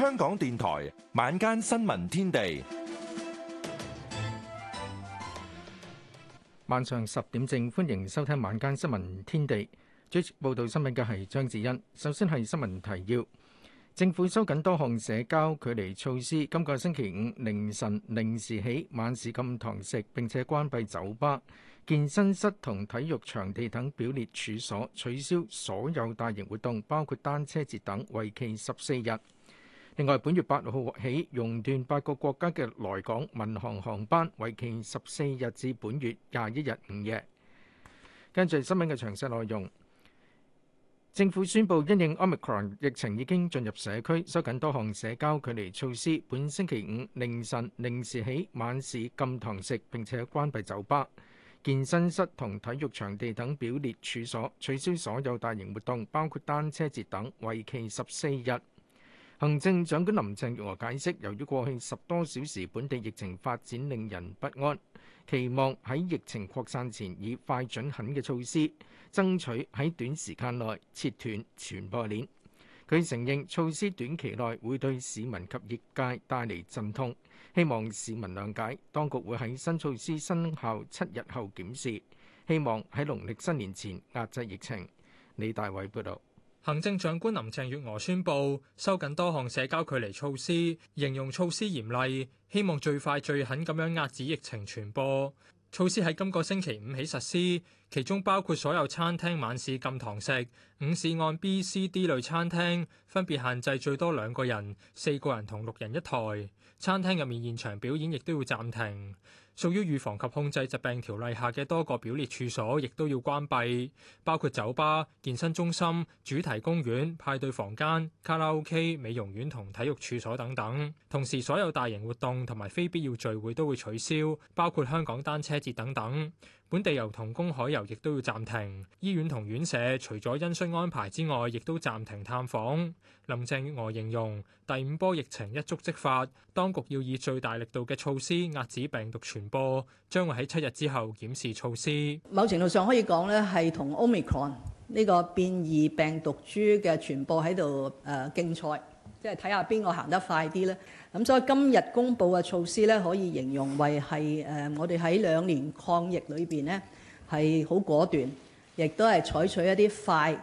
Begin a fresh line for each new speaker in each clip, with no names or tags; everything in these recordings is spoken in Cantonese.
香港電台晚間新聞天地，
晚上十點正，歡迎收聽晚間新聞天地。主持報道新聞嘅係張智欣。首先係新聞提要：政府收緊多項社交距離措施。今個星期五凌晨零時起，晚市禁堂食，並且關閉酒吧、健身室同體育場地等表列處所，取消所有大型活動，包括單車節等，為期十四日。另外，本月八號起，熔斷八個國家嘅來港民航航班，為期十四日至本月廿一日午夜。跟住新聞嘅詳細內容，政府宣布因應 Omicron 疫情已經進入社區，收緊多項社交距離措施。本星期五凌晨零時起，晚市禁堂食，並且關閉酒吧、健身室同體育場地等表列處所，取消所有大型活動，包括單車節等，為期十四日。行政長官林鄭月娥解釋，由於過去十多小時本地疫情發展令人不安，期望喺疫情擴散前以快準狠嘅措施，爭取喺短時間內切斷傳播鏈。佢承認措施短期內會對市民及業界帶嚟陣痛，希望市民諒解，當局會喺新措施生效七日後檢視，希望喺農曆新年前壓制疫情。李大
偉報道。行政長官林鄭月娥宣布收緊多項社交距離措施，形容措施嚴厲，希望最快最狠咁樣壓止疫情傳播。措施喺今個星期五起實施，其中包括所有餐廳晚市禁堂食，午市按 B、C、D 類餐廳分別限制最多兩個人、四個人同六人一枱。餐廳入面現場表演亦都要暫停。屬於預防及控制疾病條例下嘅多個表列處所，亦都要關閉，包括酒吧、健身中心、主題公園、派對房間、卡拉 OK、美容院同體育處所等等。同時，所有大型活動同埋非必要聚會都會取消，包括香港單車節等等。本地遊同公海遊亦都要暫停，醫院同院舍除咗恩恤安排之外，亦都暫停探訪。林鄭月娥形容第五波疫情一觸即發，當局要以最大力度嘅措施壓止病毒傳播，將會喺七日之後檢視措施。
某程度上可以講咧，係同 Omicron 呢個變異病毒株嘅傳播喺度誒競賽，即係睇下邊個行得快啲咧。咁所以今日公布嘅措施咧，可以形容為係誒我哋喺兩年抗疫裏邊咧，係好果斷，亦都係採取一啲快、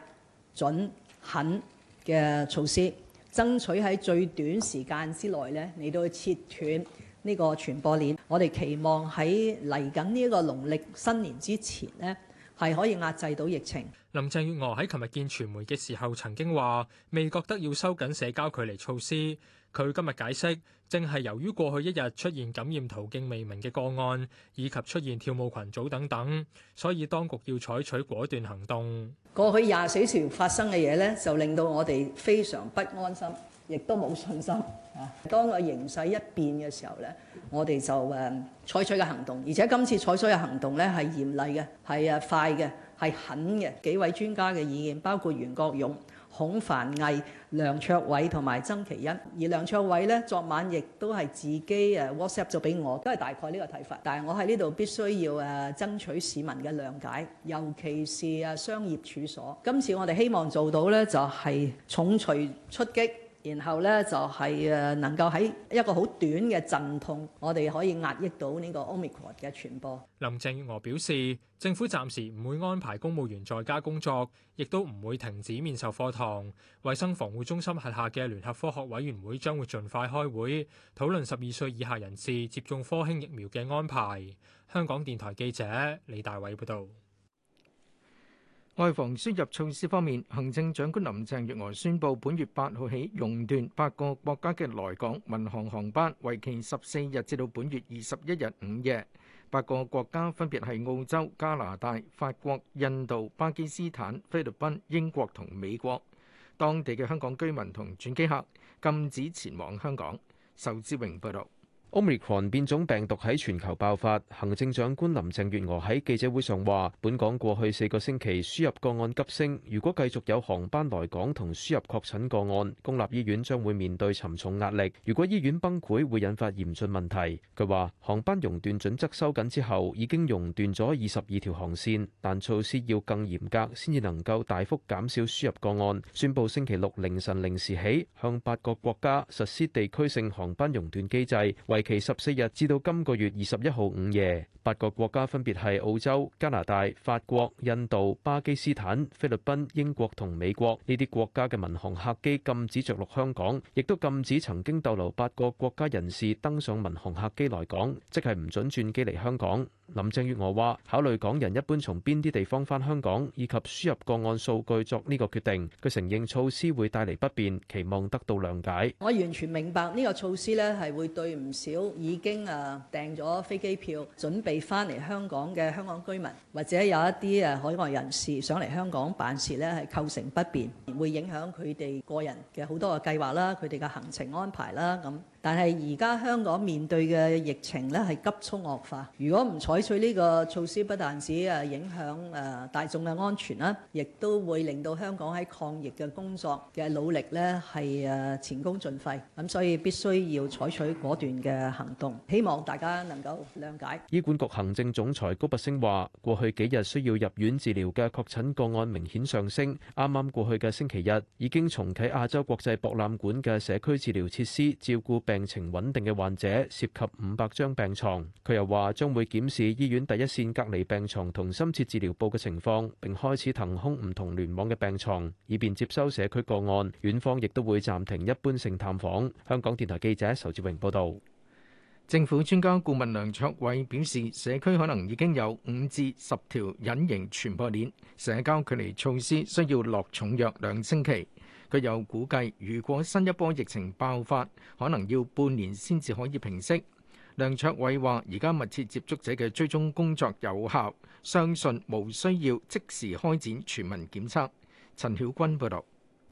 準、狠嘅措施，爭取喺最短時間之內咧，嚟到去切斷呢個傳播鏈，我哋期望喺嚟緊呢一個農曆新年之前咧，係可以壓制到疫情。
林鄭月娥喺琴日見傳媒嘅時候曾經話，未覺得要收緊社交距離措施。佢今日解釋，正係由於過去一日出現感染途徑未明嘅個案，以及出現跳舞群組等等，所以當局要採取果斷行動。
過去廿四時發生嘅嘢咧，就令到我哋非常不安心，亦都冇信心。啊，當個形勢一變嘅時候咧，我哋就誒、啊、採取嘅行動，而且今次採取嘅行動咧係嚴厲嘅，係誒快嘅，係狠嘅。幾位專家嘅意見，包括袁國勇、孔繁毅、梁卓偉同埋曾其恩，而梁卓偉咧昨晚亦都係自己誒 WhatsApp 咗俾我，都係大概呢個睇法。但係我喺呢度必須要誒、啊、爭取市民嘅諒解，尤其是啊商業處所。今次我哋希望做到咧，就係、是、重拳出擊。然後咧就係、是、誒能夠喺一個好短嘅陣痛，我哋可以壓抑到呢個 Omicron 嘅傳播。
林鄭月娥表示，政府暫時唔會安排公務員在家工作，亦都唔會停止面授課堂。衞生防護中心轄下嘅聯合科學委員會將會盡快開會，討論十二歲以下人士接種科興疫苗嘅安排。香港電台記者李大偉報導。
外防輸入措施方面，行政長官林鄭月娥宣布，本月八號起熔斷八個國家嘅來港民航航班，為期十四日，至到本月二十一日午夜。八個國家分別係澳洲、加拿大、法國、印度、巴基斯坦、菲律賓、英國同美國。當地嘅香港居民同轉機客禁止前往香港。仇志榮報道。
Omicron 變種病毒喺全球爆發，行政長官林鄭月娥喺記者會上話：本港過去四個星期輸入個案急升，如果繼續有航班來港同輸入確診個案，公立醫院將會面對沉重壓力。如果醫院崩潰，會引發嚴峻問題。佢話：航班熔斷準，準則收緊之後，已經熔斷咗二十二條航線，但措施要更嚴格，先至能夠大幅減少輸入個案。宣布星期六凌晨零時起，向八個國家實施地區性航班熔斷機制。為期十四日至到今個月二十一號午夜，八個國家分別係澳洲、加拿大、法國、印度、巴基斯坦、菲律賓、英國同美國。呢啲國家嘅民航客機禁止着陸香港，亦都禁止曾經逗留八個國家人士登上民航客機來港，即係唔准轉機嚟香港。林鄭月娥話：考慮港人一般從邊啲地方返香港，以及輸入個案數據作呢個決定。佢承認措施會帶嚟不便，期望得到諒解。
我完全明白呢個措施咧係會對唔。少已經啊訂咗飛機票，準備翻嚟香港嘅香港居民，或者有一啲誒海外人士上嚟香港辦事咧，係構成不便，會影響佢哋個人嘅好多嘅計劃啦，佢哋嘅行程安排啦咁。但係而家香港面對嘅疫情呢係急速惡化，如果唔採取呢個措施，不但止誒影響誒大眾嘅安全啦，亦都會令到香港喺抗疫嘅工作嘅努力呢係誒前功盡廢。咁所以必須要採取果斷嘅行動，希望大家能夠諒解。
醫管局行政總裁高拔昇話，過去幾日需要入院治療嘅確診個案明顯上升，啱啱過去嘅星期日已經重啟亞洲國際博覽館嘅社區治療設施照顧病情穩定嘅患者涉及五百張病床。佢又話將會檢視醫院第一線隔離病床同深切治療部嘅情況，並開始騰空唔同聯網嘅病床，以便接收社區個案。院方亦都會暫停一般性探訪。香港電台記者
仇志榮報道，政府專家顧問梁卓偉表示，社區可能已經有五至十條隱形傳播鏈，社交距離措施需要落重藥兩星期。佢又估計，如果新一波疫情爆發，可能要半年先至可以平息。梁卓偉話，而家密切接觸者嘅追蹤工作有效，相信無需要即時開展全民檢測。陳曉君報道。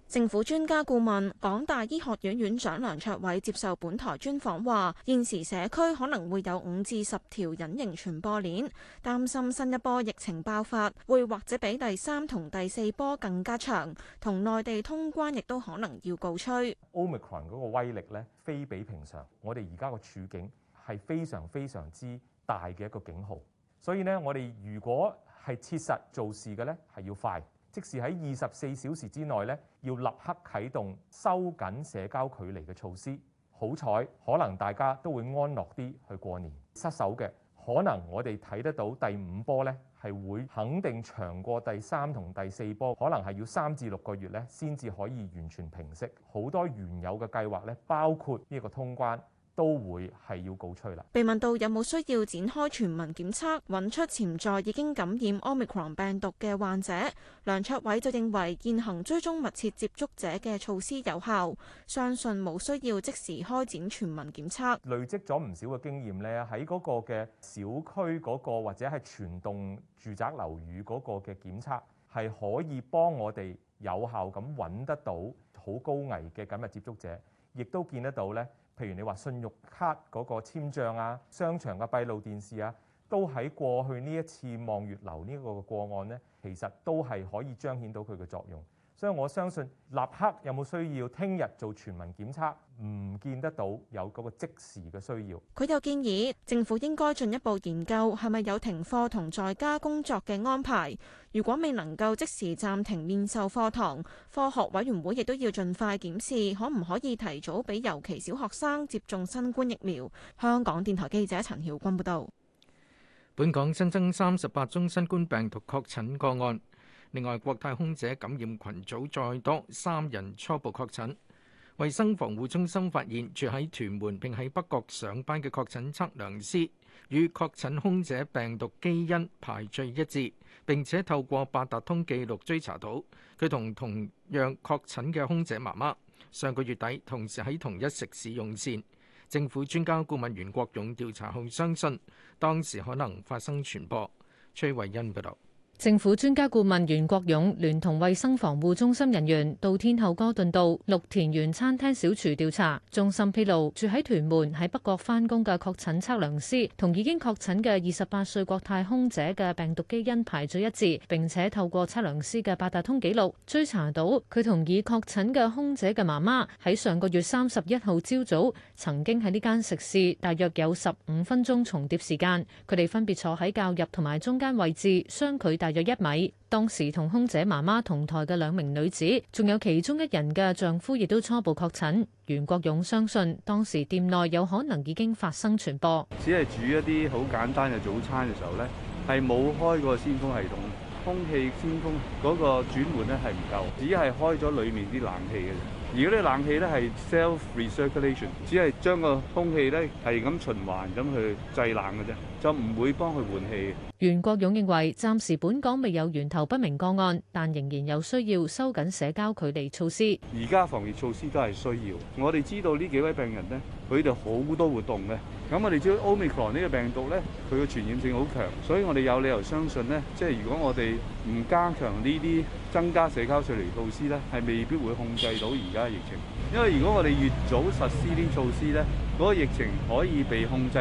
政府專家顧問港大醫學院院長梁卓偉接受本台專訪話：現時社區可能會有五至十條隱形傳播鏈，擔心新一波疫情爆發會或者比第三同第四波更加長，同內地通關亦都可能要告吹。Omicron 嗰個威
力呢，非比平常。我哋而家個處境係非常非常之大嘅一個警號，所以呢，我哋如果係切實做事嘅呢，係要快。即使喺二十四小時之內咧，要立刻啟動收緊社交距離嘅措施。好彩，可能大家都會安樂啲去過年。失守嘅，可能我哋睇得到第五波咧，係會肯定長過第三同第四波，可能係要三至六個月咧，先至可以完全平息。好多原有嘅計劃咧，包括呢個通關。都會係要告吹啦。
被問到有冇需要展開全民檢測，揾出潛在已經感染 Omicron 病毒嘅患者，梁卓偉就認為現行追蹤密切接觸者嘅措施有效，相信冇需要即時開展全民檢測。
累積咗唔少嘅經驗咧，喺嗰個嘅小區嗰個或者係全棟住宅樓宇嗰個嘅檢測，係可以幫我哋有效咁揾得到好高危嘅緊密接觸者，亦都見得到咧。譬如你話信用卡嗰個簽賬啊、商場嘅閉路電視啊，都喺過去呢一次望月樓呢個個案呢，其實都係可以彰顯到佢嘅作用。所以我相信，立刻有冇需要，聽日做全民檢測，唔見得到有嗰個即時嘅需要。
佢又建議政府應該進一步研究係咪有停課同在家工作嘅安排。如果未能夠即時暫停面授課堂，科學委員會亦都要盡快檢視，可唔可以提早俾尤其小學生接種新冠疫苗。香港電台記者陳曉君報道。
本港新增三十八宗新冠病毒確診個案。另外，國泰空姐感染群組再多三人初步確診。衛生防護中心發現住喺屯門並喺北角上班嘅確診測量師，與確診空姐病毒基因排序一致，並且透過八達通記錄追查到佢同同樣確診嘅空姐媽媽上個月底同時喺同一食肆用膳，政府專家顧問袁國勇調查後相信，當時可能發生傳播。崔慧欣報道。
政府專家顧問袁國勇聯同衛生防護中心人員到天後哥頓道綠田園餐廳小廚調查，中心披露住喺屯門喺北角返工嘅確診測量師同已經確診嘅二十八歲國泰空姐嘅病毒基因排序一致，並且透過測量師嘅八達通記錄追查到佢同已確診嘅空姐嘅媽媽喺上個月三十一號朝早曾經喺呢間食肆，大約有十五分鐘重疊時間，佢哋分別坐喺較入同埋中間位置，相距大約一米，當時同空姐媽媽同台嘅兩名女子，仲有其中一人嘅丈夫，亦都初步確診。袁國勇相信當時店內有可能已經發生傳播。
只係煮一啲好簡單嘅早餐嘅時候咧，係冇開嗰先鮮風系統，空氣先風嗰個轉換咧係唔夠，只係開咗裏面啲冷氣嘅啫。而嗰啲冷氣咧係 self recirculation，只係將個空氣咧係咁循環咁去製冷嘅啫。就唔會幫佢換氣。
袁國勇認為，暫時本港未有源頭不明個案，但仍然有需要收緊社交距離措施。
而家防疫措施都係需要。我哋知道呢幾位病人咧，佢哋好多活動嘅。咁我哋知道 Omicron 呢個病毒咧，佢嘅傳染性好強，所以我哋有理由相信咧，即係如果我哋唔加強呢啲增加社交距離措施咧，係未必會控制到而家嘅疫情。因為如果我哋越早實施啲措施咧，嗰個疫情可以被控制，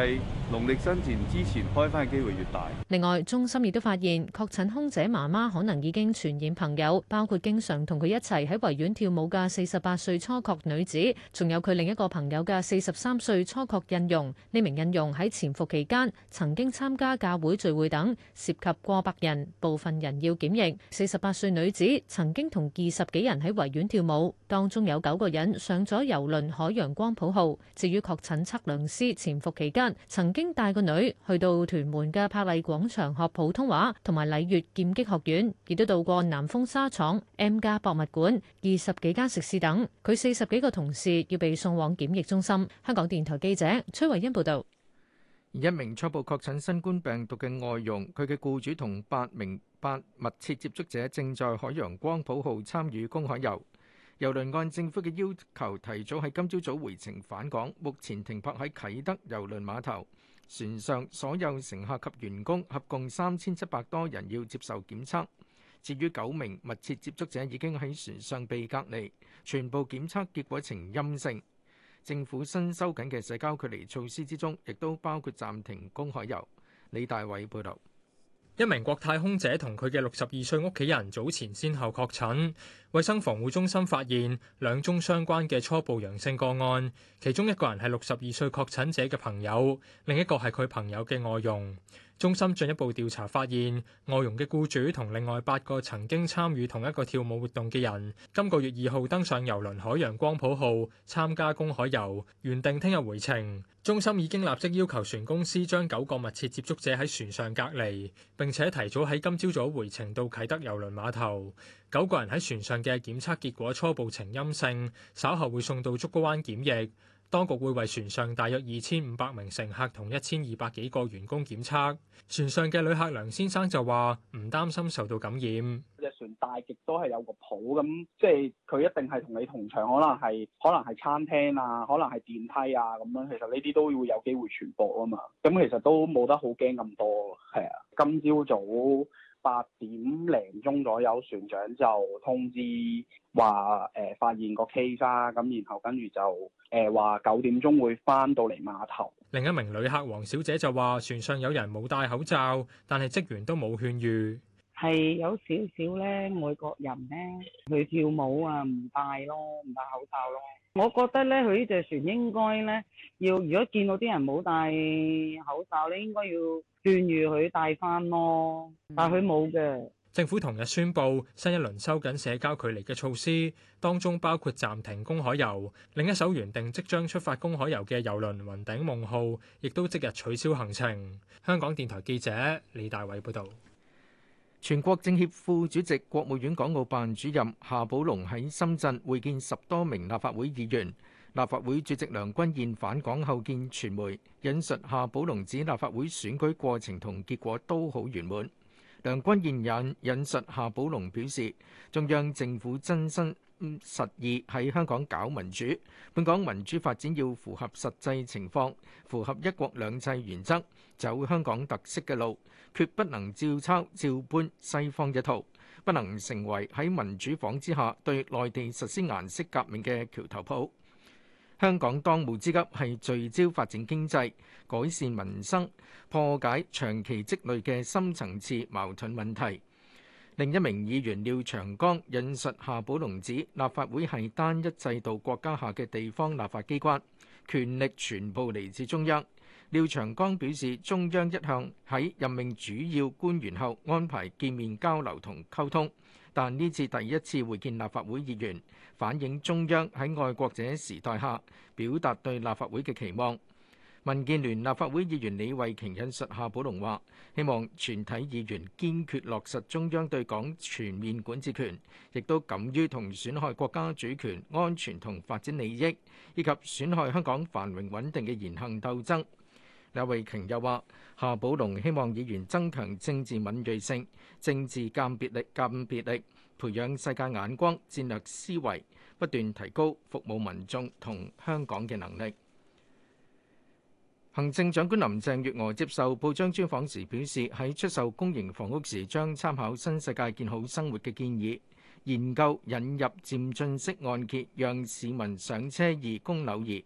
農曆新前之前開翻嘅機會越大。
另外，中心亦都發現確診空姐媽媽可能已經傳染朋友，包括經常同佢一齊喺維園跳舞嘅四十八歲初確女子，仲有佢另一個朋友嘅四十三歲初確印傭。呢名印傭喺潛伏期間曾經參加教會聚會等，涉及過百人，部分人要檢疫。四十八歲女子曾經同二十幾人喺維園跳舞，當中有九個人上咗郵輪海洋光譜號，至於確。診測量師潛伏期間，曾經帶個女去到屯門嘅柏麗廣場學普通話，同埋禮越劍擊學院，亦都到過南豐沙廠、M+ 博物館、二十幾間食肆等。佢四十幾個同事要被送往檢疫中心。香港電台記者崔維欣報道。
一名初步確診新冠病毒嘅外傭，佢嘅僱主同八名八密切接觸者正在海洋光譜號參與公海遊。郵輪按政府嘅要求提早喺今朝早，早回程返港，目前停泊喺啟德郵輪碼頭。船上所有乘客及員工合共三千七百多人要接受檢測。至於九名密切接觸者已經喺船上被隔離，全部檢測結果呈陰性。政府新收緊嘅社交距離措施之中，亦都包括暫停公海遊。李大偉報導。
一名國泰空姐同佢嘅六十二歲屋企人早前先後確診，衛生防護中心發現兩宗相關嘅初步陽性個案，其中一個人係六十二歲確診者嘅朋友，另一個係佢朋友嘅外傭。中心進一步調查發現，外傭嘅僱主同另外八個曾經參與同一個跳舞活動嘅人，今個月二號登上郵輪海洋光譜號參加公海遊，原定聽日回程。中心已經立即要求船公司將九個密切接觸者喺船上隔離，並且提早喺今朝早回程到啟德郵輪碼頭。九個人喺船上嘅檢測結果初步呈陰性，稍後會送到竹篙灣檢疫。當局會為船上大約二千五百名乘客同一千二百幾個員工檢測。船上嘅旅客梁先生就話唔擔心受到感染。
隻船大極都係有個譜咁，即係佢一定係同你同場，可能係可能係餐廳啊，可能係電梯啊咁樣。其實呢啲都會有機會傳播啊嘛。咁其實都冇得好驚咁多，係啊。今朝早，早。八點零鐘左右，船長就通知話誒、呃、發現個 case 咁然後跟住就誒話九點鐘會返到
嚟碼頭。另一名旅客黃小姐就話：船上有人冇戴口罩，但係職員都冇勸喻。
係有少少咧，外國人咧去跳舞啊，唔戴咯，
唔戴咯，唔戴口罩咯。
我覺得咧，佢呢隻船應該咧，要如果見到啲人冇戴口罩咧，應該要。鑽入佢帶翻咯，但佢冇嘅。
政府同日宣布新一輪收緊社交距離嘅措施，當中包括暫停公海遊。另一艘原定即將出發公海遊嘅郵輪雲頂夢號，亦都即日取消行程。香港電台記者李大偉報導。全國政協副主席、國務院港澳辦主任夏寶
龍喺深圳會見十多名立法會議員。立法會主席梁君彥返港後見傳媒引述夏寶龍指，立法會選舉過程同結果都好圓滿。梁君彥引引述夏寶龍表示，中央政府真心實意喺香港搞民主。本港民主發展要符合實際情況，符合一國兩制原則，走香港特色嘅路，決不能照抄照搬西方一套，不能成為喺民主幌之下對內地實施顏色革命嘅橋頭鋪。香港當務之急係聚焦發展經濟、改善民生、破解長期積累嘅深層次矛盾問題。另一名議員廖長江引述夏寶龍指，立法會係單一制度國家下嘅地方立法機關，權力全部嚟自中央。廖長江表示，中央一向喺任命主要官員後安排見面交流同溝通。但呢次第一次會見立法會議員，反映中央喺愛國者時代下，表達對立法會嘅期望。民建聯立法會議員李慧瓊引述夏寶龍話：希望全體議員堅決落實中央對港全面管治權，亦都敢於同損害國家主權、安全同發展利益，以及損害香港繁榮穩定嘅言行鬥爭。李慧瓊又話：夏寶龍希望議員增強政治敏銳性、政治鑒別力、鑒別力，培養世界眼光、戰略思維，不斷提高服務民眾同香港嘅能力。行政長官林鄭月娥接受報章專訪時表示，喺出售公營房屋時，將參考新世界建好生活嘅建議，研究引入漸進式按揭，讓市民上車易供樓易。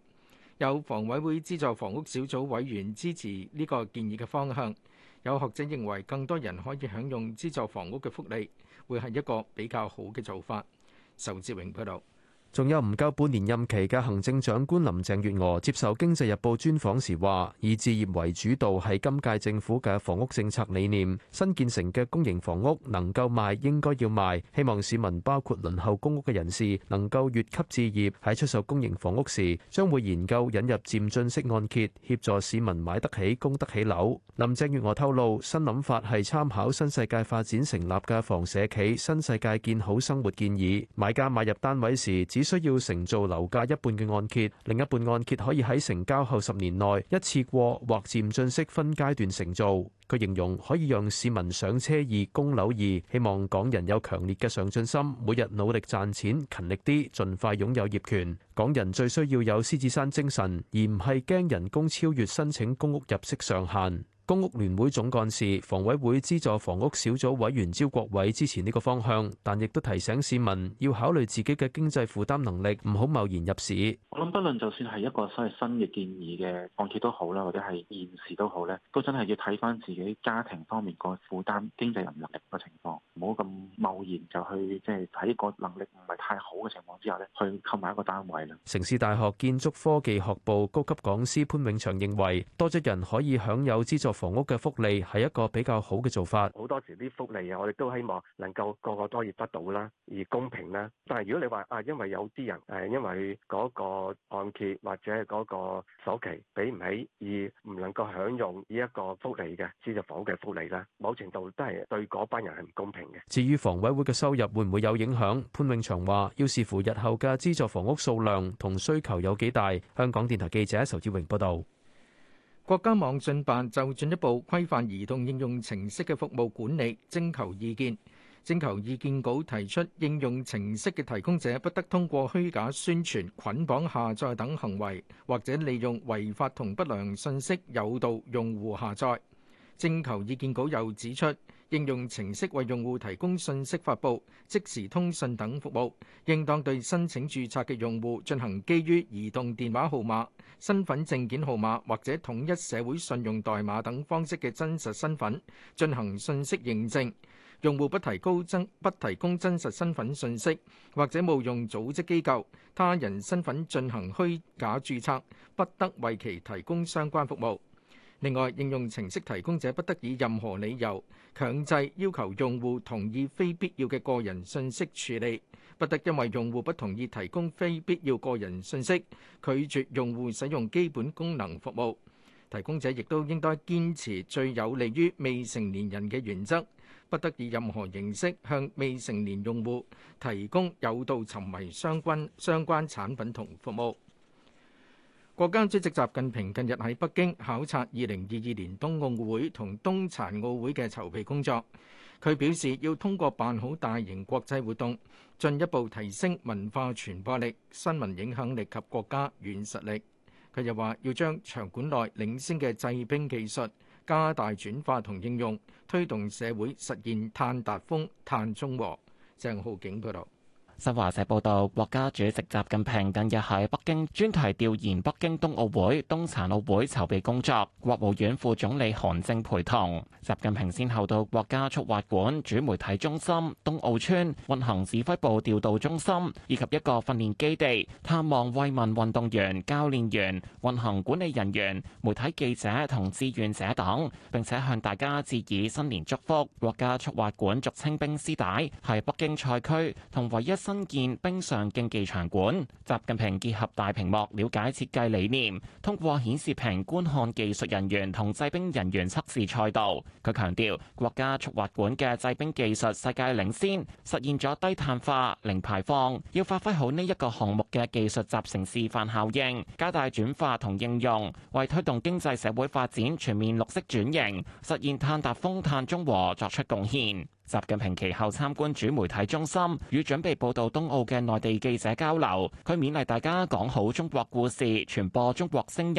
有房委會資助房屋小組委員支持呢個建議嘅方向，有學者認為更多人可以享用資助房屋嘅福利，會係一個比較好嘅做法。仇志榮報道。
仲有唔夠半年任期嘅行政長官林鄭月娥接受《經濟日報》專訪時話：以置業為主導係今屆政府嘅房屋政策理念。新建成嘅公營房屋能夠賣應該要賣，希望市民包括輪候公屋嘅人士能夠越級置業。喺出售公營房屋時，將會研究引入漸進式按揭，協助市民買得起、供得起樓。林鄭月娥透露新諗法係參考新世界發展成立嘅房社企《新世界建好生活》建議，買家買入單位時，只需要承造樓價一半嘅按揭，另一半按揭可以喺成交後十年內一次過或漸進式分階段承造。佢形容可以讓市民上車易，供樓易。希望港人有強烈嘅上進心，每日努力賺錢，勤力啲，盡快擁有業權。港人最需要有獅子山精神，而唔係驚人工超越申請公屋入息上限。公屋聯會總幹事、房委會資助房屋小組委員招國偉支持呢個方向，但亦都提醒市民要考慮自己嘅經濟負擔能力，唔好貿然入市。
我諗，不論就算係一個所謂新嘅建議嘅放棄都好啦，或者係現時都好咧，都真係要睇返自己家庭方面個負擔、經濟人能力嘅情況，唔好咁貿然就去即係喺個能力唔係太好嘅情況之下呢去購買一個單位。
城市大學建築科技學部高級講師潘永祥認為，多咗人可以享有資助。房屋嘅福利係一個比較好嘅做
法。好多時啲福利啊，我哋都希望能夠個個都熱得到啦，而公平啦。但係如果你話啊，因為有啲人誒，因為嗰個按揭或者係嗰個首期俾唔起，而唔能夠享用呢一個福利嘅資助房屋嘅福利啦，某程度都係對嗰班人係唔公平嘅。
至於房委會嘅收入會唔會有影響？潘永祥話要視乎日後嘅資助房屋數量同需求有幾大。香港電台記者仇志榮
報導。國家網信辦就進一步規範移動應用程式嘅服務管理徵求意見，徵求意見稿提出應用程式嘅提供者不得通過虛假宣傳、捆綁下載等行為，或者利用違法同不良信息誘導用戶下載。徵求意見稿又指出。應用程式為用戶提供信息發布、即時通訊等服務，應當對申請註冊嘅用戶進行基於移動電話號碼、身份證件號碼或者統一社會信用代碼等方式嘅真實身份進行信息認證。用戶不提供真不提供真實身份信息，或者冒用組織機構、他人身份進行虛假註冊，不得為其提供相關服務。另外，應用程式提供者不得以任何理由強制要求用戶同意非必要嘅個人信息處理，不得因為用戶不同意提供非必要個人信息，拒絕用戶使用基本功能服務。提供者亦都應該堅持最有利於未成年人嘅原則，不得以任何形式向未成年用戶提供有道沉迷相關相關產品同服務。國家主席習近平近日喺北京考察二零二二年冬奧會同冬殘奧會嘅籌備工作。佢表示要通過辦好大型國際活動，進一步提升文化傳播力、新聞影響力及國家軟實力。佢又話要將場館內領先嘅製冰技術加大轉化同應用，推動社會實現碳達峰、碳中和。鄭浩景報道。新
華社報道，國家主席習近平近日喺北京專題調研北京冬奧會、冬殘奧會籌備工作，國務院副總理韓正陪同。習近平先後到國家速滑館、主媒體中心、冬奧村、運行指揮部調度中心以及一個訓練基地，探望慰問運動員、教練員、運行管理人員、媒體記者同志願者等，並且向大家致以新年祝福。國家速滑館，俗稱冰絲帶，係北京賽區同唯一，新建冰上競技場館，習近平結合大屏幕了解設計理念，通過顯示屏觀看技術人員同製冰人員測試賽道。佢強調國家速滑館嘅製冰技術世界領先，實現咗低碳化、零排放。要發揮好呢一個項目嘅技術集成示範效應，加大轉化同應用，為推動經濟社會發展全面綠色轉型、實現碳達峰、碳中和作出貢獻。習近平其後參觀主媒體中心，與準備報道冬奧嘅內地記者交流。佢勉勵大家講好中國故事，傳播中國聲音，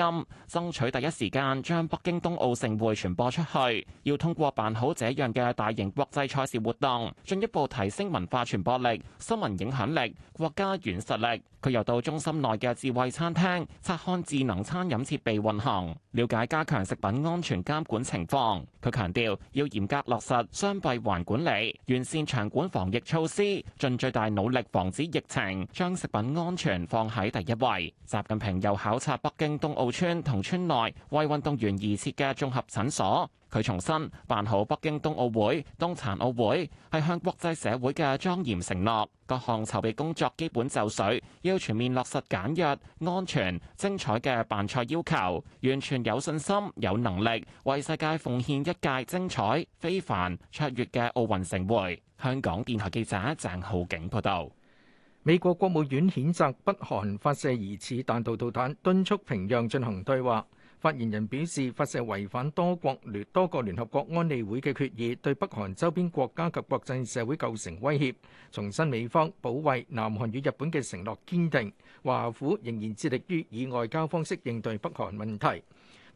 爭取第一時間將北京冬奧盛會傳播出去。要通過辦好這樣嘅大型國際賽事活動，進一步提升文化傳播力、新聞影響力、國家軟實力。佢又到中心內嘅智慧餐廳，察看智能餐飲設備運行，了解加強食品安全監管情況。佢強調要嚴格落實雙閉環管。嚟完善場館防疫措施，盡最大努力防止疫情，將食品安全放喺第一位。習近平又考察北京冬奧村同村內為運動員而設嘅綜合診所。佢重申，辦好北京冬奧會冬殘奧會係向國際社會嘅莊嚴承諾，各項籌備工作基本就緒，要全面落實簡約、安全、精彩嘅辦賽要求，完全有信心、有能力為世界奉獻一屆精彩、非凡、
卓越嘅奧運盛會。香港電台記者鄭浩景報道。美國國務院譴責北韓發射疑似彈道導彈，敦促平壤進行對話。發言人表示，發射違反多國聯多個聯合國安理會嘅決議，對北韓周邊國家及國際社會構成威脅。重申美方保衛南韓與日本嘅承諾堅定，華府仍然致力於以外交方式應對北韓問題。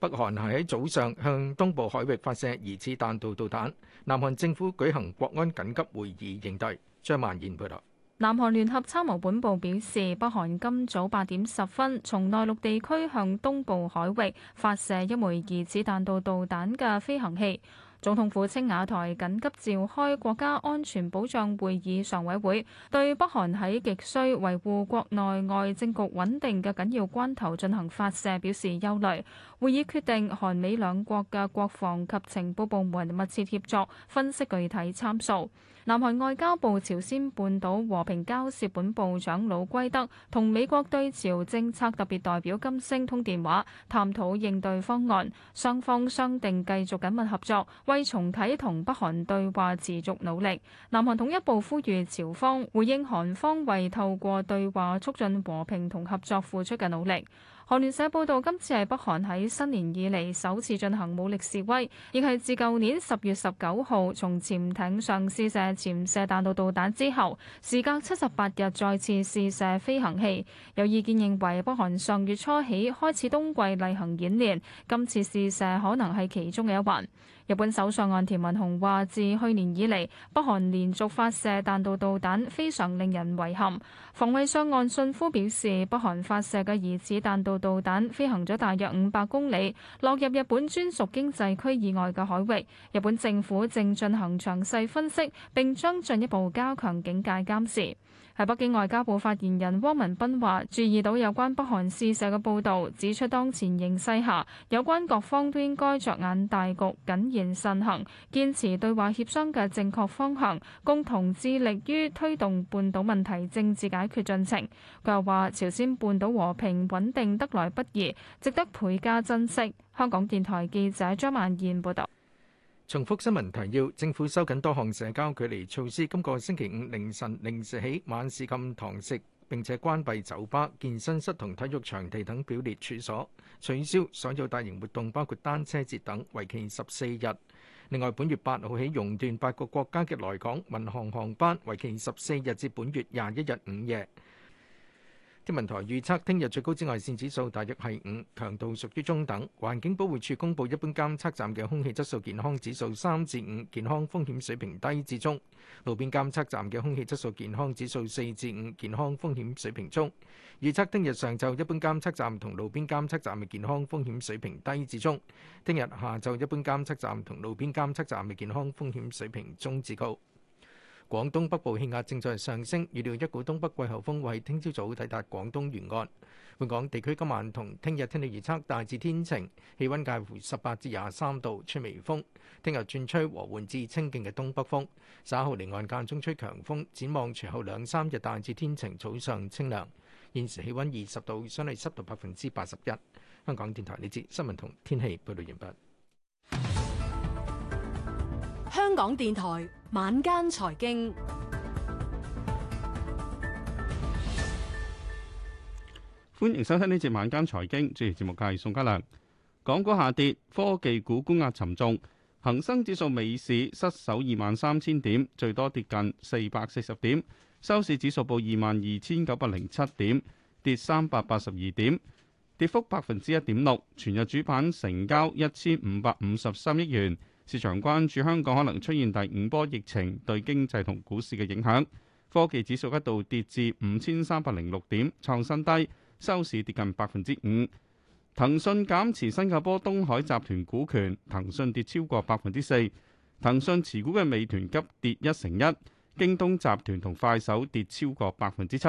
北韓喺早上向東部海域發射疑似彈道導，導彈，南韓政府舉行國安緊急會議應對。張萬賢報道。
南韓聯合參謀本部表示，北韓今早八點十分從內陸地區向東部海域發射一枚疑似彈道導彈嘅飛行器。總統府青瓦台緊急召開國家安全保障會議常委會，對北韓喺極需維護國內外政局穩定嘅緊要關頭進行發射表示憂慮。會議決定韓美兩國嘅國防及情報部門密切協作，分析具體參數。南韓外交部朝鮮半島和平交涉本部長魯圭德同美國對朝政策特別代表金星通電話，探討應對方案，雙方商定繼續緊密合作，為重啟同北韓對話持續努力。南韓統一部呼籲朝方回應韓方為透過對話促進和平同合作付出嘅努力。韓聯社報導，今次係北韓喺新年以嚟首次進行武力示威，亦係自舊年十月十九號從潛艇上試射潛射彈道導彈之後，時隔七十八日再次試射飛行器。有意見認為，北韓上月初起開始冬季例行演練，今次試射可能係其中嘅一環。日本首相岸田文雄話自去年以嚟，北韓連續發射彈道導彈非常令人遺憾。防衛相岸信夫表示，北韓發射嘅疑似彈道導彈飛行咗大約五百公里，落入日本專屬經濟區以外嘅海域。日本政府正進行詳細分析，並將進一步加強警戒監視。喺北京外交部，發言人汪文斌話，注意到有關北韓試射嘅報道，指出當前形勢下，有關各方都應該着眼大局，謹言慎行，堅持對話協商嘅正確方向，共同致力於推動半島問題政治解決進程。佢又話，朝鮮半島和平穩定得來不易，值得倍加珍惜。香港電台記者張曼燕報道。
重複新聞提要：政府收緊多項社交距離措施，今個星期五凌晨零時起，晚市禁堂食，並且關閉酒吧、健身室同體育場地等表列處所，取消所有大型活動，包括單車節等，為期十四日。另外，本月八號起，熔斷八個國家嘅來港民航航班，為期十四日至本月廿一日午夜。天文台預測聽日最高紫外線指數大約係五，強度屬於中等。環境保護署公佈一般監測站嘅空氣質素健康指數三至五，健康風險水平低至中；路邊監測站嘅空氣質素健康指數四至五，健康風險水平中。預測聽日上晝一般監測站同路邊監測站嘅健康風險水平低至中；聽日下晝一般監測站同路邊監測站嘅健康風險水平中至高。廣東北部氣壓正在上升，預料一股東北季候風會喺聽朝早抵達廣東沿岸。本港地區今晚同聽日天，天氣預測大致天晴，氣温介乎十八至廿三度，吹微風。聽日轉吹和緩至清勁嘅東北風，稍後離岸間中吹強風。展望隨後兩三日大致天晴，早上清涼。現時氣温二十度，相對濕度百分之八十一。香港電台呢節新聞同天氣報道完畢。
香港電台晚間財經，
歡迎收聽呢節晚間財經，主持節目嘅係宋家良。港股下跌，科技股估壓沉重，恒生指數尾市失守二萬三千點，最多跌近四百四十點，收市指數報二萬二千九百零七點，跌三百八十二點，跌幅百分之一點六。全日主板成交一千五百五十三億元。市場關注香港可能出現第五波疫情對經濟同股市嘅影響。科技指數一度跌至五千三百零六點，創新低，收市跌近百分之五。騰訊減持新加坡東海集團股權，騰訊跌超過百分之四。騰訊持股嘅美團急跌一成一，京東集團同快手跌超過百分之七。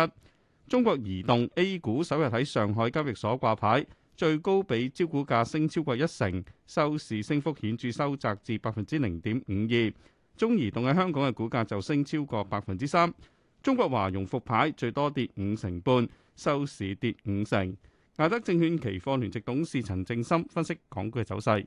中國移動 A 股首日喺上海交易所掛牌。最高比招股價升超過一成，收市升幅顯著收窄至百分之零點五二。中移動喺香港嘅股價就升超過百分之三。中國華融復牌最多跌五成半，收市跌五成。亞德證券期貨聯席董事陳正森分析港股嘅走勢。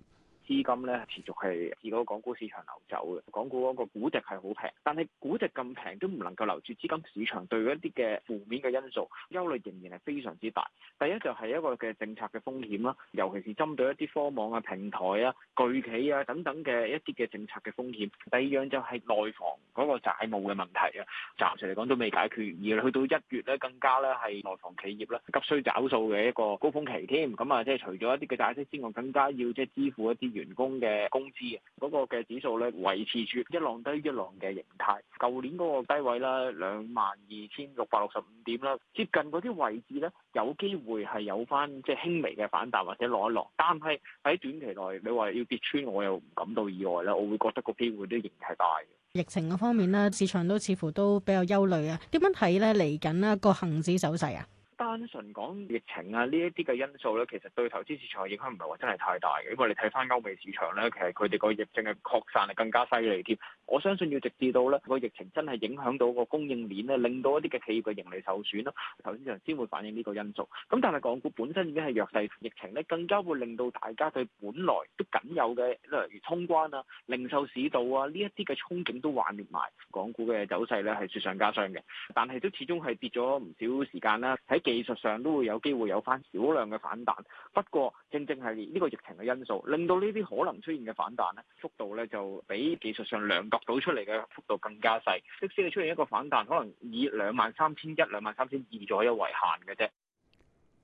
資金咧持續係自嗰個港股市場流走嘅，港股嗰個估值係好平，但係估值咁平都唔能夠留住資金。市場對一啲嘅負面嘅因素，憂慮仍然係非常之大。第一就係一個嘅政策嘅風險啦，尤其是針對一啲科網啊、平台啊、巨企啊等等嘅一啲嘅政策嘅風險。第二樣就係內房嗰個債務嘅問題啊，暫時嚟講都未解決完。而去到一月咧，更加咧係內房企業咧急需找數嘅一個高峰期添。咁啊，即係除咗一啲嘅大息之外，更加要即係支付一啲。員工嘅工資嘅嗰個嘅指數咧維持住一浪低一浪嘅形態，舊年嗰個低位咧兩萬二千六百六十五點啦，接近嗰啲位置咧，有機會係有翻即係輕微嘅反彈或者落一落。但係喺短期內你話要跌穿我又唔感到意外啦，我會覺得個機會都仍係大。
疫情嗰方面呢，市場都似乎都比較憂慮啊。點樣睇咧嚟緊咧個恆指走勢啊？
單純講疫情啊，呢一啲嘅因素咧，其實對投資市場影響唔係話真係太大嘅，因為你睇翻歐美市場呢，其實佢哋個疫情嘅擴散係更加犀利添。我相信要直至到呢個疫情真係影響到個供應鏈咧，令到一啲嘅企業嘅盈利受損啦，投資市場先會反映呢個因素。咁但係港股本身已經係弱勢，疫情呢更加會令到大家對本來都僅有嘅例如通關啊、零售市道啊呢一啲嘅憧憬都瓦裂埋，港股嘅走勢呢係雪上加霜嘅。但係都始終係跌咗唔少時間啦，喺技術上都會有機會有翻少量嘅反彈，不過正正係呢個疫情嘅因素，令到呢啲可能出現嘅反彈咧，幅度呢，就比技術上量度到出嚟嘅幅度更加細。即使你出現一個反彈，可能以兩萬三千一、兩萬三千
二左右為限嘅啫。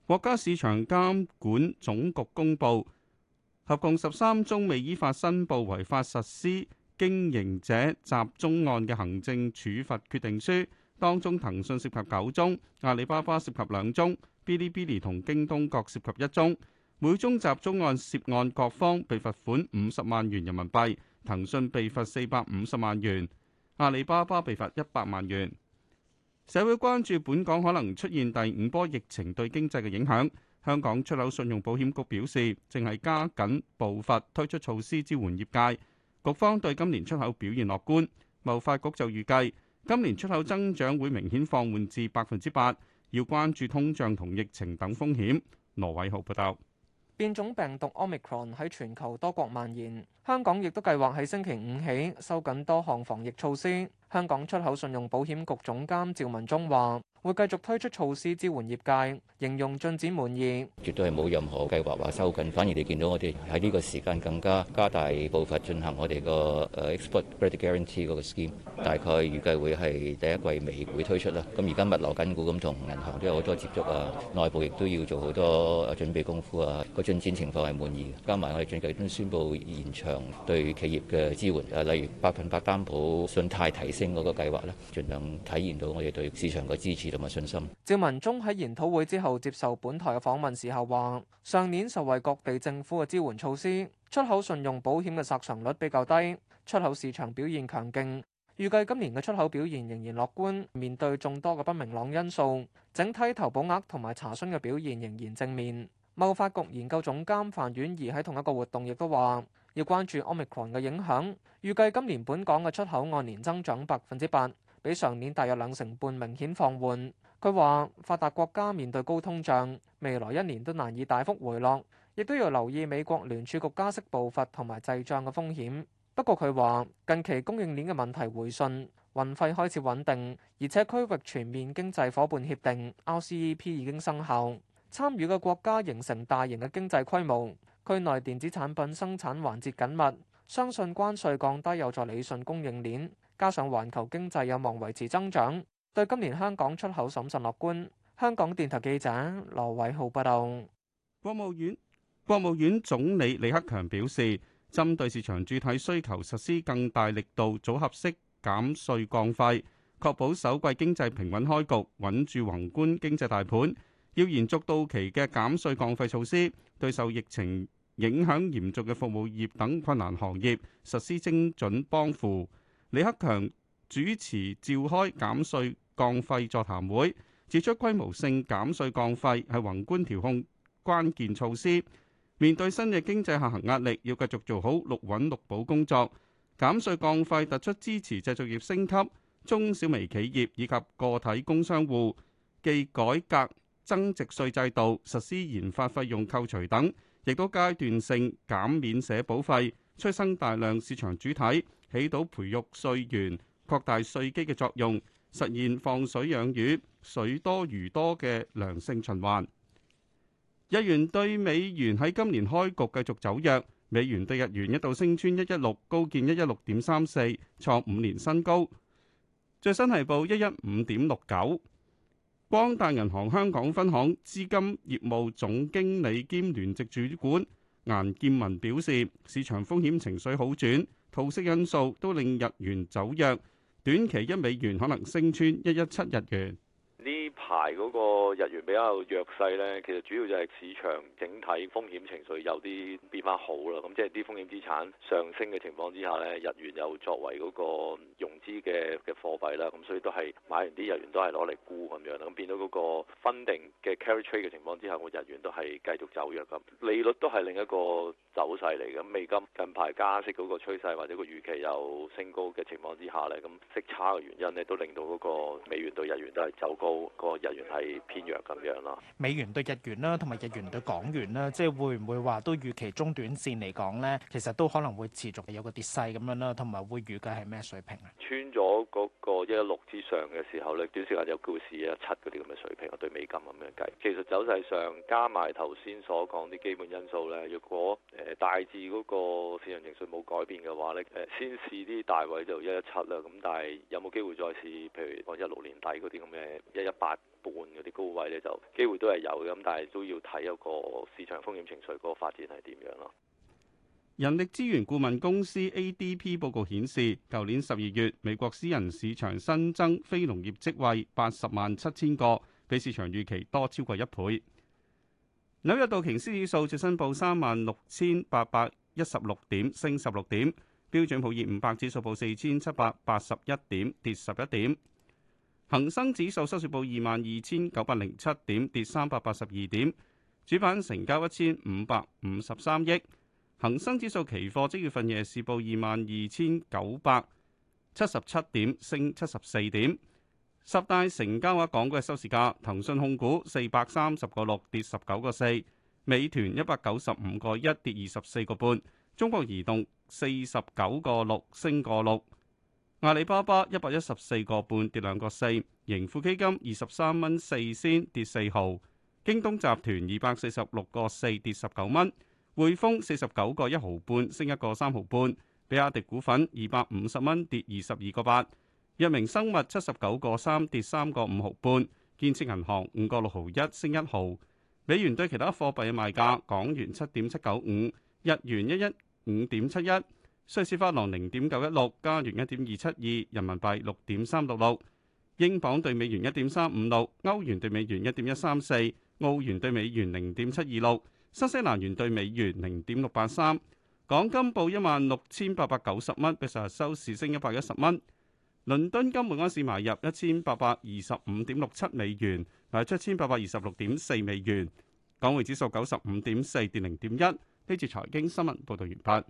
國家市場監管總局公布，合共十三宗未依法申報違法實施經營者集中案嘅行政處罰決定書。當中騰訊涉及九宗，阿里巴巴涉及兩宗，Bilibili 同京東各涉及一宗。每宗集中案涉案各方被罰款五十萬元人民幣，騰訊被罰四百五十萬元，阿里巴巴被罰一百萬元。社會關注本港可能出現第五波疫情對經濟嘅影響。香港出口信用保險局表示，正係加緊步伐推出措施支援業界。局方對今年出口表現樂觀。貿發局就預計，今年出口增長會明顯放緩至百分之八，要關注通脹同疫情等風險。羅偉豪報道，
變種病毒 Omicron 喺全球多國蔓延，香港亦都計劃喺星期五起收緊多項防疫措施。香港出口信用保險局總監趙文忠話。會繼續推出措施支援業界，形容進展滿意。
絕對係冇任何計劃話收緊，反而你見到我哋喺呢個時間更加加大步伐進行我哋個誒 export credit guarantee 個 scheme，大概預計會係第一季尾會推出啦。咁而家物流緊股咁同銀行都有好多接觸啊，內部亦都要做好多準備功夫啊。個進展情況係滿意嘅，加埋我哋近期都宣布延長對企業嘅支援，誒例如百分百擔保、信貸提升嗰個計劃咧，盡量體現到我哋對市場嘅支持。有冇信心？
趙文忠喺研討會之後接受本台嘅訪問時候話：上年受惠各地政府嘅支援措施，出口信用保險嘅索償率比較低，出口市場表現強勁，預計今年嘅出口表現仍然樂觀。面對眾多嘅不明朗因素，整體投保額同埋查詢嘅表現仍然正面。貿發局研究總監范婉儀喺同一個活動亦都話：要關注 omicron 嘅影響，預計今年本港嘅出口按年增長百分之八。比上年大約兩成半，明顯放緩。佢話：發達國家面對高通脹，未來一年都難以大幅回落，亦都要留意美國聯儲局加息步伐同埋滯脹嘅風險。不過佢話，近期供應鏈嘅問題回信，運費開始穩定，而且區域全面經濟夥伴協定 （RCEP） 已經生效，參與嘅國家形成大型嘅經濟規模，區內電子產品生產環節緊密，相信關稅降低有助理順供應鏈。加上環球經濟有望維持增長，對今年香港出口審慎樂觀。香港電台記者羅偉浩報道。國務院
國務院總理李克強表示，針對市場主體需求，實施更大力度組合式減稅降費，確保首季經濟平穩開局，穩住宏觀經濟大盤。要延續到期嘅減稅降費措施，對受疫情影響嚴重嘅服務業等困難行業實施精準幫扶。李克強主持召開減稅降費座談會，指出規模性減稅降費係宏觀調控關鍵措施。面對新嘅經濟下行壓力，要繼續做好六穩六保工作。減稅降費突出支持製造業升級、中小微企業以及個體工商戶，既改革增值稅制度，實施研發費用扣除等，亦都階段性減免社保費，催生大量市場主體。起到培育稅源、擴大稅基嘅作用，實現放水養魚、水多魚多嘅良性循環。日元兌美元喺今年開局繼續走弱，美元兌日元一度升穿一一六，高見一一六點三四，創五年新高。最新係報一一五點六九。光大銀行香港分行資金業務總經理兼聯席主管顏建文表示，市場風險情緒好轉，套息因素都令日元走弱，短期一美元可能升穿一一七日元。排
嗰個日元比較弱勢呢，其實主要就係市場整體風險情緒有啲變翻好啦，咁即係啲風險資產上升嘅情況之下呢，日元又作為嗰個融資嘅嘅貨幣啦，咁所以都係買完啲日元都係攞嚟沽咁樣啦，咁變到嗰個 funding 嘅 carry trade 嘅情況之下，個日元都係繼續走弱咁，利率都係另一個走勢嚟嘅。美金近排加息嗰個趨勢或者個預期有升高嘅情況之下呢，咁息差嘅原因呢，都令到嗰個美元對日元都係走高日元係偏弱咁樣咯。
美元對日元啦，同埋日元對港元啦，即係會唔會話都預期中短線嚟講咧，其實都可能會持續有個跌勢咁樣啦，同埋會預計係咩水平
啊？穿咗嗰個一一六之上嘅時候咧，短時間就試一一七嗰啲咁嘅水平啊，對美金咁樣計。其實走勢上加埋頭先所講啲基本因素咧，如果誒大致嗰個市場情緒冇改變嘅話咧，誒先試啲大位就一一七啦。咁但係有冇機會再試？譬如講一六年底嗰啲咁嘅一一八。半嗰啲高位呢，就機會都係有咁，但係都要睇一個市場風險情緒嗰個發展係點樣咯。
人力資源顧問公司 ADP 報告顯示，舊年十二月美國私人市場新增非農業職位八十萬七千個，比市場預期多超過一倍。紐約道瓊斯指數最新報三萬六千八百一十六點，升十六點；標準普爾五百指數報四千七百八十一點，跌十一點。恒生指數收市報二萬二千九百零七點，跌三百八十二點，主板成交一千五百五十三億。恒生指數期貨即月份夜市報二萬二千九百七十七點，升七十四點。十大成交額港股嘅收市價：騰訊控股四百三十個六，跌十九個四；美團一百九十五個一，跌二十四個半；中國移動四十九個六，升個六。阿里巴巴一百一十四個半跌兩個四，盈富基金二十三蚊四仙跌四毫，京東集團二百四十六個四跌十九蚊，匯豐四十九個一毫半升一個三毫半，比亞迪股份二百五十蚊跌二十二個八，藥明生物七十九個三跌三個五毫半，建設銀行五個六毫一升一毫，美元兌其他貨幣嘅賣價：港元七點七九五，日元一一五點七一。瑞士法郎零點九一六，加元一點二七二，人民幣六點三六六，英鎊兌美元一點三五六，歐元兌美元一點一三四，澳元兌美元零點七二六，新西蘭元兌美元零點六八三。港金報一萬六千八百九十蚊，比上日收市升一百一十蚊。倫敦金每安士買入一千八百二十五點六七美元，賣出一千八百二十六點四美元。港匯指數九十五點四跌零點一。呢次財經新聞報道完畢。